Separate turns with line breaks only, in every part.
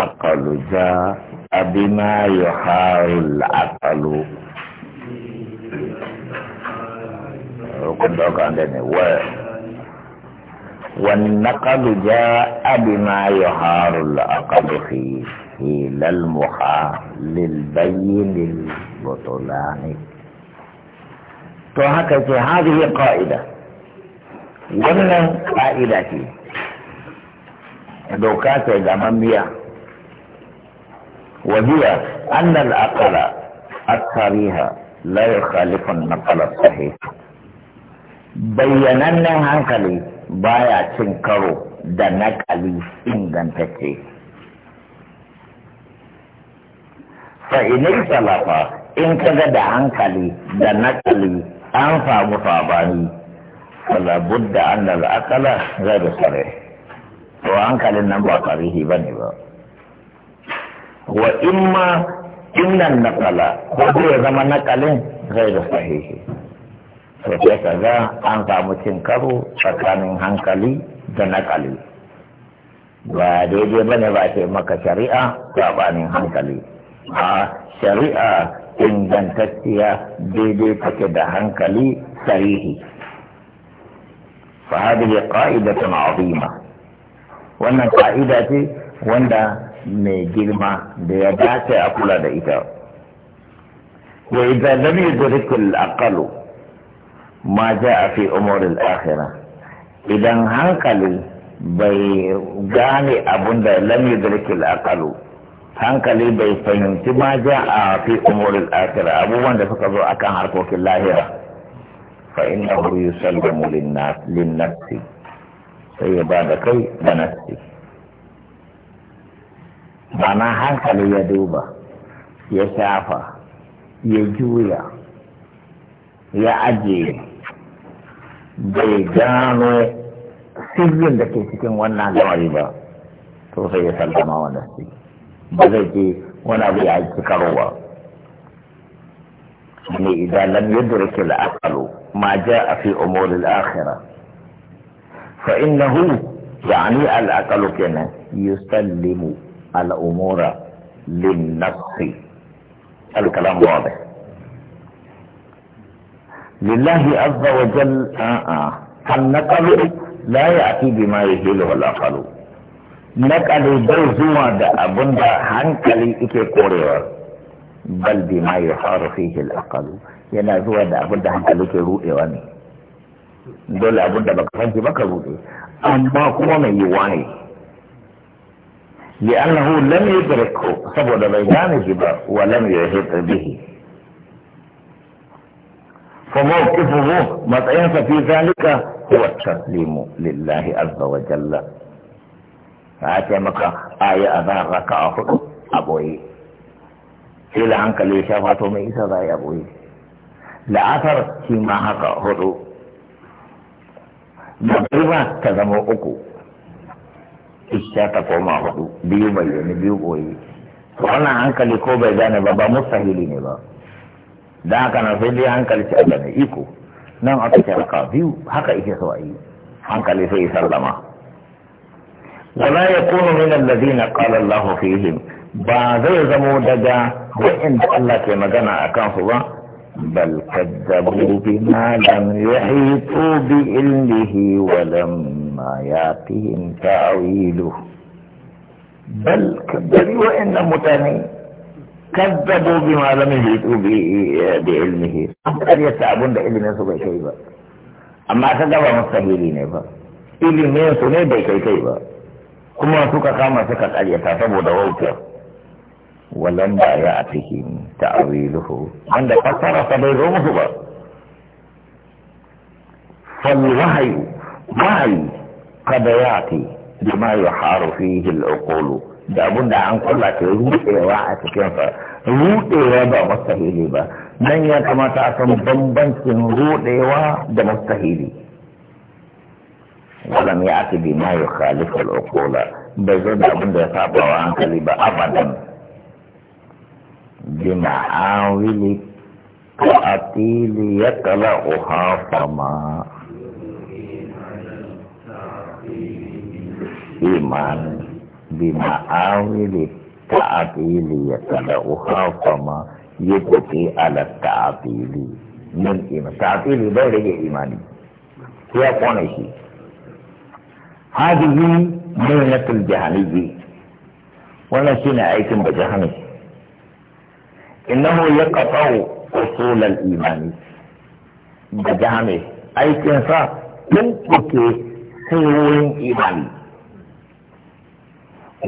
العقل جاء بما يحار العقل والنقل جاء بما يحار العقل فيه إلى المحا للبين البطلان فهكذا هذه قائدة ومن قائدة دوكاتي ta مياه وهي أن الأقل الصريح لا يخالف النقل الصحيح بينن هنكلي بايا تنكرو da naƙali ingantacce fa'inar salafa in kaga da hankali da naƙali an samu sabani falabud da an da zai da sare to hankalin nan ba sarihi ba ne ba wa imma innan nakala ko zai zama nakalin zai da sahihi to sai ka ga an samu cin karo tsakanin hankali da nakali ba daidai bane ba ce maka shari'a sabanin hankali a shari'a ingantacciya daidai take da hankali sahihi fa hadhihi qa'idatun 'azima wannan ka'ida ce wanda mai girma da ya dace a kula da ita wa idan lam yudrik al ma jaa fi umur al akhirah idan hankali bai gane abun da lam yudrik al hankali bai fahimci ma jaa fi umur al akhirah abubuwan da suka zo akan harkokin lahira fa innahu yusallimu lin nafsi sai ya ba da kai da nafsi bana hankali ya duba ya shafa ya juya ya ajiye bai gano sirrin da ke cikin wannan lamari ba to sai ya sallama wanda su ba zai ce wani abu ya aiki karo ba ne idan lam yadrika al-aqlu ma jaa fi umur al-akhirah fa innahu yani al-aqlu kana yusallimu al’umura al al’alƙalam wabe lillahi azza wa jal a'a kan naƙalu la ya fi bi ma ya hilo wa laƙalu naƙalu bai zuwa da abin da hankali ike korewa bal bi ma ya fara fi hilo yana zuwa da abin da hankali ke ruɗewa ne dole abin da baka fanci baka ruɗe amma kuma mai yi waye لانه لم يدركه فبدا بجانبه ولم يهب به فموقفه مطعم في ذلك هو التسليم لله عز وجل فاتي مكا آية أذان أبوي إلى أنك لي شفاة ميسا ذا يا أبوي لأثر في ما حقا هدو مقربة تزمو أكو isha ta koma hudu biyu bayyane biyu koyi wannan hankali ko bai gane ba ba mustahili ne ba da haka na sai dai hankali ce Allah mai iko nan aka ce haka biyu haka ike so ayi. hankali sai ya sallama wala yakunu min alladhina qala Allah fihim ba zai zamo daga wa'inda Allah ke magana akan su ba بل كذبوا بما لم يحيطوا بإلمه ولما ياتهم تاويله بل كذبوا وان متاني كذبوا بما لم يحيطوا بإلمه قد يتعبون بعلمه سبع شيء اما كذب مستهيلين إبا ilimin su ne bai كما kai كما kuma suka kama suka karyata ولما يأتهم تأويله عند كثرة بيرومه فالوحي وحي قد يأتي بما يحار فيه العقول دابون دا عن كل تيوه واحد كيف روت ربا مستهيلي با من يتمتع سم بمبن سن روت ربا دا مستحيلي ولم يأتي بما يخالف العقول بزر دابون دا صعب وعن كلي با أبدا gina an wili kala uha fama iman bima ya iman ta tili bai rage imani ya kone shi hadihi shine aikin ba انه يقطع اصول الايمان بجامي اي كنسا ينقطع سيوين الإيمان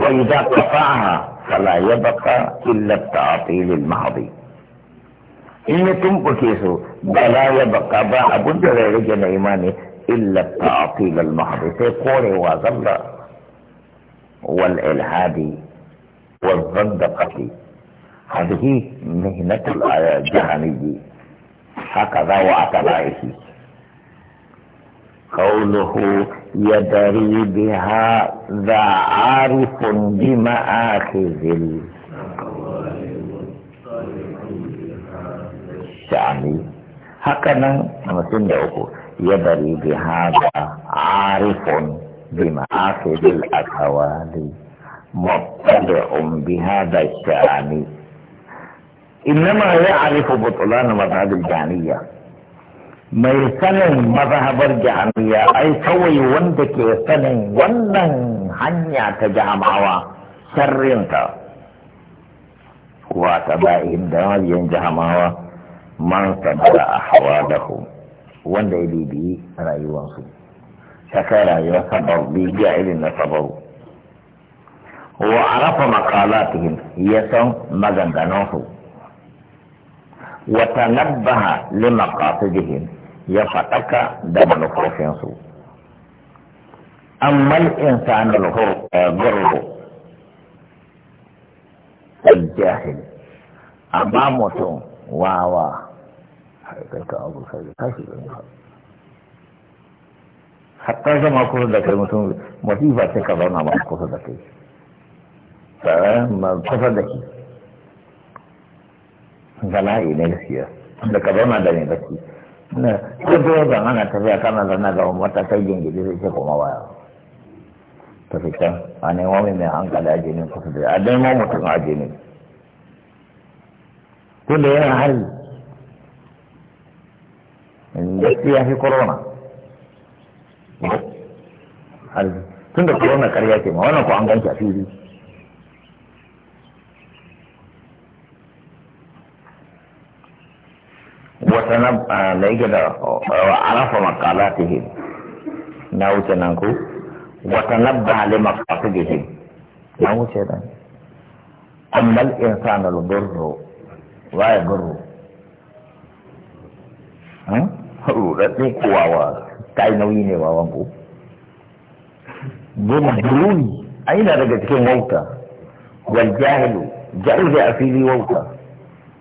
واذا قطعها فلا يبقى الا التعطيل المحضي ان تنقطع فلا يبقى باب غير جن ايمان الا التعطيل المحضي سيقول وظل والالحاد والظن قتلي هذه مهنة الجهمي هكذا وأتباعه قوله يدري بها ذا عارف بمآخذ الشعني هكذا نمسين يقول يدري بهذا عارف بمآخذ الأكوالي مطلع بهذا الشعني ya إنما يعرف بطلان مذهب الجهمية mai sanin mazhabar jami'a ai kawai wanda ke sanin wannan hanya ta jamawa sharrinta wa ta ba'in da mabiyan jamawa man sabara a hawa da wanda ya bibiyi rayuwarsu shaka rayuwar sabar bibiya irin na sabaru wa arafa makalatihim ya san maganganunsu وتنبه لمقاصدهم يفتك دم نفوسهم أما الإنسان الغر غر الجاهل أمام سوم واوا حتى إذا ما كنت ذكر مسلم مصيبة تكبرنا ما كنت ذكر فما كنت ذكر bala'i na gaskiya da ka zauna da mai bacci na ko ba zan ana tafiya kana zana ga mata kai gingiri sai ke koma waya ta fita a nemo mai mai hankali a jini kusa da a nemo mutum a jini tunda yana hari siya shi corona tunda corona karya ce ma wannan ko an ganci a fili وتنبأ ليجد وعرف kai nauyi ne aina daga cikin wauta wal jahilu jahilu wauta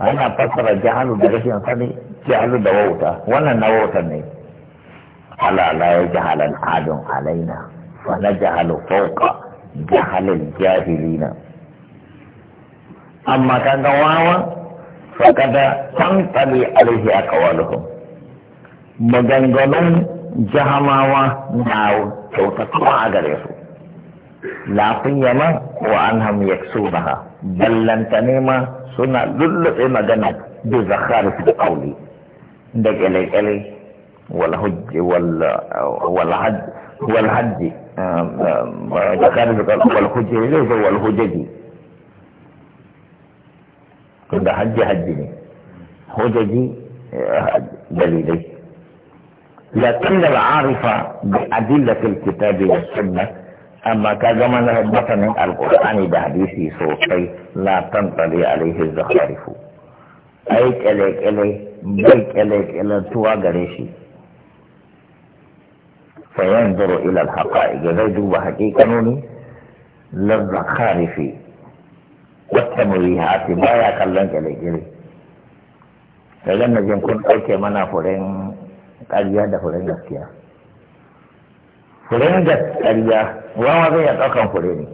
ana fassara jahalu da rashin sani جعلوا دووتا وانا نووتا ني على لا يجعل العاد علينا فنجعل فوق جهل الجاهلين أما كان دواوا فقد تنطلي عليه أقوالهم مجنجلون jahamawa na توتا a gare لا lafin وانهم يكسونها بل لن تنيما سنة nema suna lullube magana إلي دقلقلي والهج وال والحج والحج آه، آه، آه، والحج ليس والهجج كنت حج حجني هججي دليلي لكن العارف بأدلة الكتاب والسنة أما كما مثلا القرآن بحديثي صوتي لا تنطلي عليه الزخارف أيك إليك إليك bai kyale-kyalantuwa gare shi fayan zuru ilal haƙa'iƙi zai duba haƙiƙanoni lalza karifi wata murihati ba ya kallon kyale-kyale da zan najin kun ɗauke mana furen ƙarya da furen gaskiya furen da ƙarya wawa zai ya ɗaukan fure ne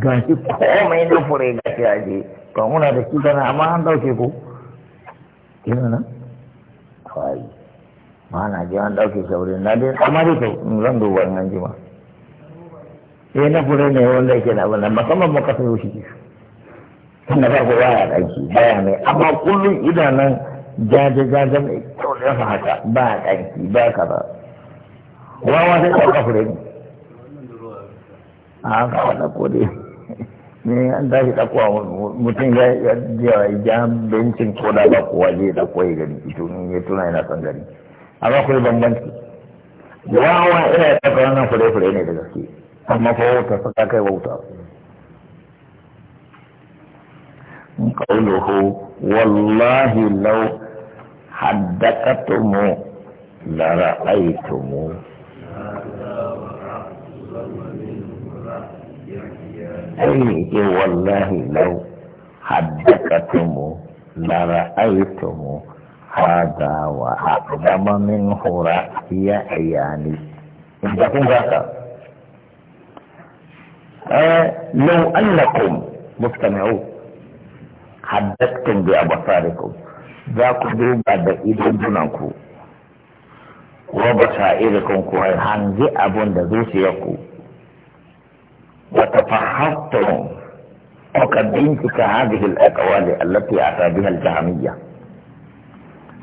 ga shi komai na fure gaskiya ce to muna da shi gana amma an dauke ku kina nan kwai ma na je an dauke saurin na dai amma dai to zan duba in an jima eh na fure ne wanda yake da wannan musamman muka sayo shi tunda ba ku baya ɗanki baya mai amma kullum idanan jaje-jaje mai kyau ne yasa haka ba ɗanki ba ka ba wawa sai ɗauka fure ne a haka wadda kodi? ne an tashi ɗakuwa mutum ya ja bencin ko da ba kowa zai ɗakuwa ya gani ito ya tuna yana son gani amma kuma bambanci wawa ina ya ɗaukar wannan fure-fure ne da gaske amma fa wauta saka kai wauta قوله والله لو حدثتم لرأيتموه aini ke wallahi lau haddakatumu la ra'aytumu hada wa aqdama min hura ya ayani inda kun zaka eh law annakum mustami'u haddaktum bi abasarikum za ku duba da idonunanku wa basairikum ku hanzi abun da ku. وتفحصتهم وقدمتك هذه الأقوال التي أتى بها الجهمية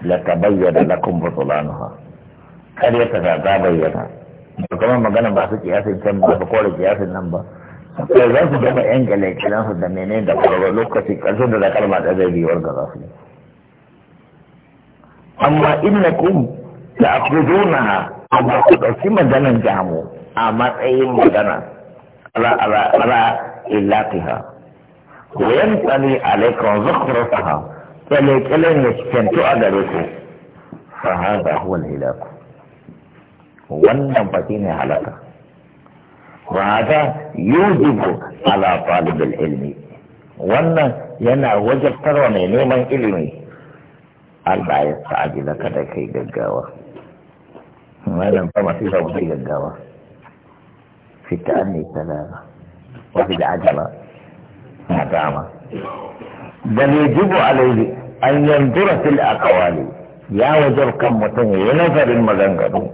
لتبين لكم بطلانها قرية تتبين kuma magana ba su kiyasin can ba su kore kiyasin nan ba sai za su gama yan kyalai su da mene da kwarwa lokaci karshen da zakar ba da zai biyuwar ga za su amma inna kum ta akuzuna amma ku ɗauki maganan jamu a matsayin magana على على على إلاقها وينطلي عليكم زخرفها فليكلم كان تؤذى لكم فهذا هو الهلاك والنبتين هلكة وهذا يوجب على طالب العلم وانا ينا وجب تروني نوما علمي أربعة ساعة إذا كده كي جاوة ما لم تما في صوتي جاوة في التأني تماما وفي العجلة ندامة بل يجب عليه أن ينظر في الأقوال يا وجر كم متني نظر المغنغر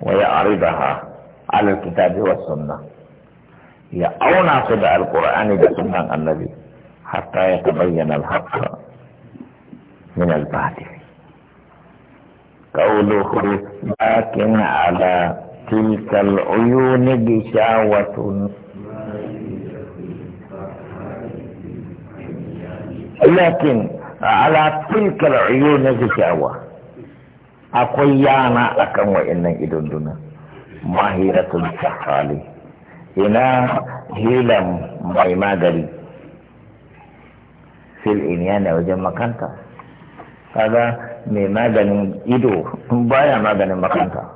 ويعرضها على الكتاب والسنة يا أو صدى القرآن بسنة النبي حتى يتبين الحق من الباطل قوله لكن على تلك العيون غشاوة لكن على تلك العيون غشاوة أقويانا أكم وإن إدندنا ماهرة السحالي إنا هيلم ماي في الإنيان وجمع كانتا هذا mai إدو بايا baya maganin makanta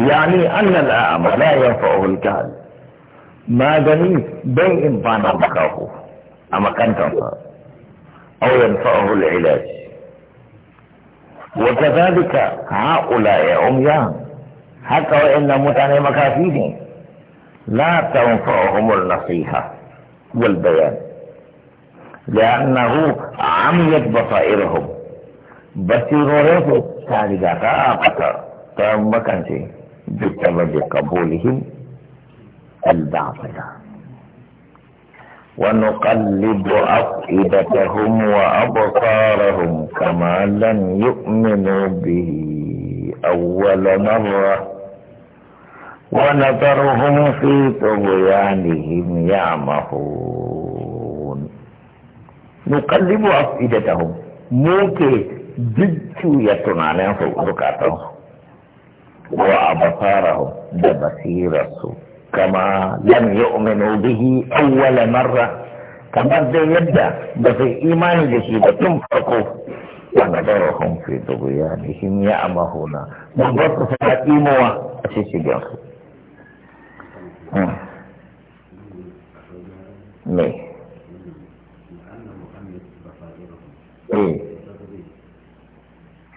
يعني أن الأعمى لا ينفعه الجهل ما جني بي بان مكاهو أما كان تنفع أو ينفعه العلاج وكذلك هؤلاء عميان حتى وإن متعني مكافيهم لا تنفعهم النصيحة والبيان لأنه عميت بصائرهم بصيرهم تعليقات آبتا فيه بسبب قبولهم الباطلة ونقلب أفئدتهم وأبصارهم كما لم يؤمنوا به أول مرة ونذرهم في طغيانهم يعمهون نقلب أفئدتهم موكي جدت يتنعنى فوق ركعتهم وأبصارهم ببصيرة كما لم يؤمنوا به أول مرة كما يبدأ بس إيمان به تنفقوا ونظرهم في طغيانهم يعمهون بالضبط فاتيموا أسيسي جنسو مي إيه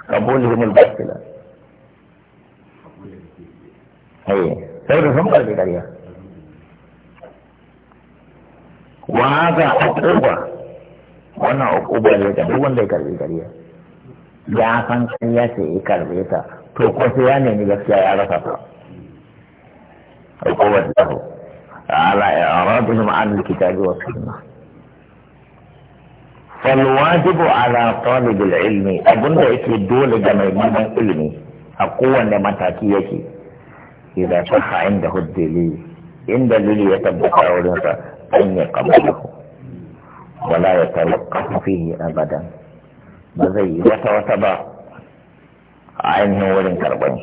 قبولهم الباطلة sai da sun karbi ƙarya wa ga uquba wannan uquba ne ga duk wanda ya karbi ƙarya ya san ƙarya ce ya karbe ta to ko sai ya nemi gaskiya ya rasa ta uquba ta ho ala i'radihim an al wa sunnah فالواجب على طالب العلم أبن ده دول جمع من العلم أقوى لما تاكي يكي إذا صح عنده الدليل إن دليل يتبقى أولها أن يقبله ولا يتوقف فيه أبدا بزي يتوتبع عينه ولن كربنش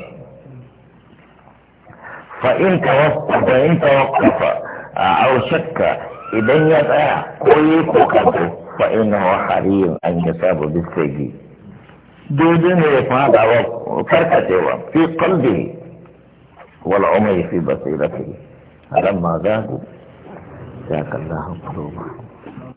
فإن توقف فإن توقف أو شك إذن يضع كل كوكب فإنه حريم أن يصاب بالسجي دودين يفعل أو فرقة في قلبه والعمي في بصيرته فلما ذاقوا ذاك الله قلوبهم